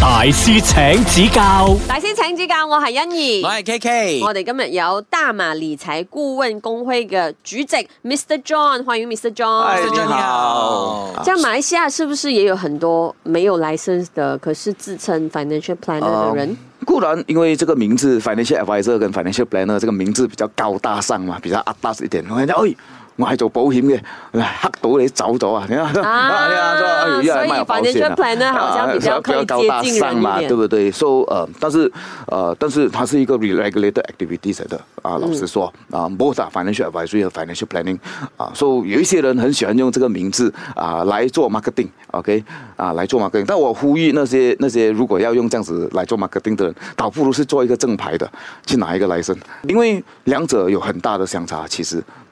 大師請指教，大師請指教，我係欣怡，我係 K K，我哋今日有大馬理財顧問公會嘅主席 Mr John，歡迎 Mr John，Hi，你好。咁馬來西亞是不是也有很多沒有 license 的，可是自稱 financial planner 嘅，um，人？固然，因為這個名字 financial advisor 跟 financial planner 這個名字比較高大上嘛，比較啊大一點。哎。我係做保險嘅，黑到你走，哎、走找走啊！啊哎哎、所以 financial planning 比較可以接近人一點，啊、一點對唔對？所、so, 呃，但是，呃，但是它是一個 re regulated activities 嚟的。啊，嗯、老實說啊，both 啊，financial advisory 和 financial planning，啊，所、so、以有一些人很喜歡用這個名字啊，來做 marketing，OK、okay？啊，來做 marketing。但我呼籲那些那些如果要用這樣子來做 marketing 的人，倒不如是做一個正牌的，去拿一個 licence，因為兩者有很大的相差，其實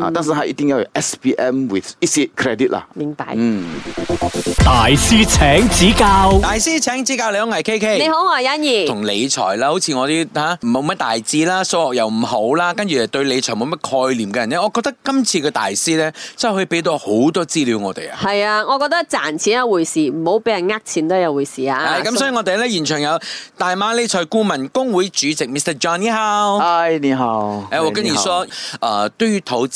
啊！嗯、但是佢一定要有 S P M with 一些 credit 啦。明白。嗯，大師請指教，大師請指教，你好，我係 KK，你好我、啊、欣怡。同理財啦，好似我啲吓冇乜大志啦，數學又唔好啦，跟住對理財冇乜概念嘅人咧，我覺得今次嘅大師咧，真係可以俾到好多資料我哋啊。係 啊，我覺得賺錢一回事，唔好俾人呃錢都係一回事啊。咁 所以我哋咧現場有大馬理財顧問工會主席 Mr. John、e、你好。嗨、哎，你好。誒，我跟住說，誒好，對於投資。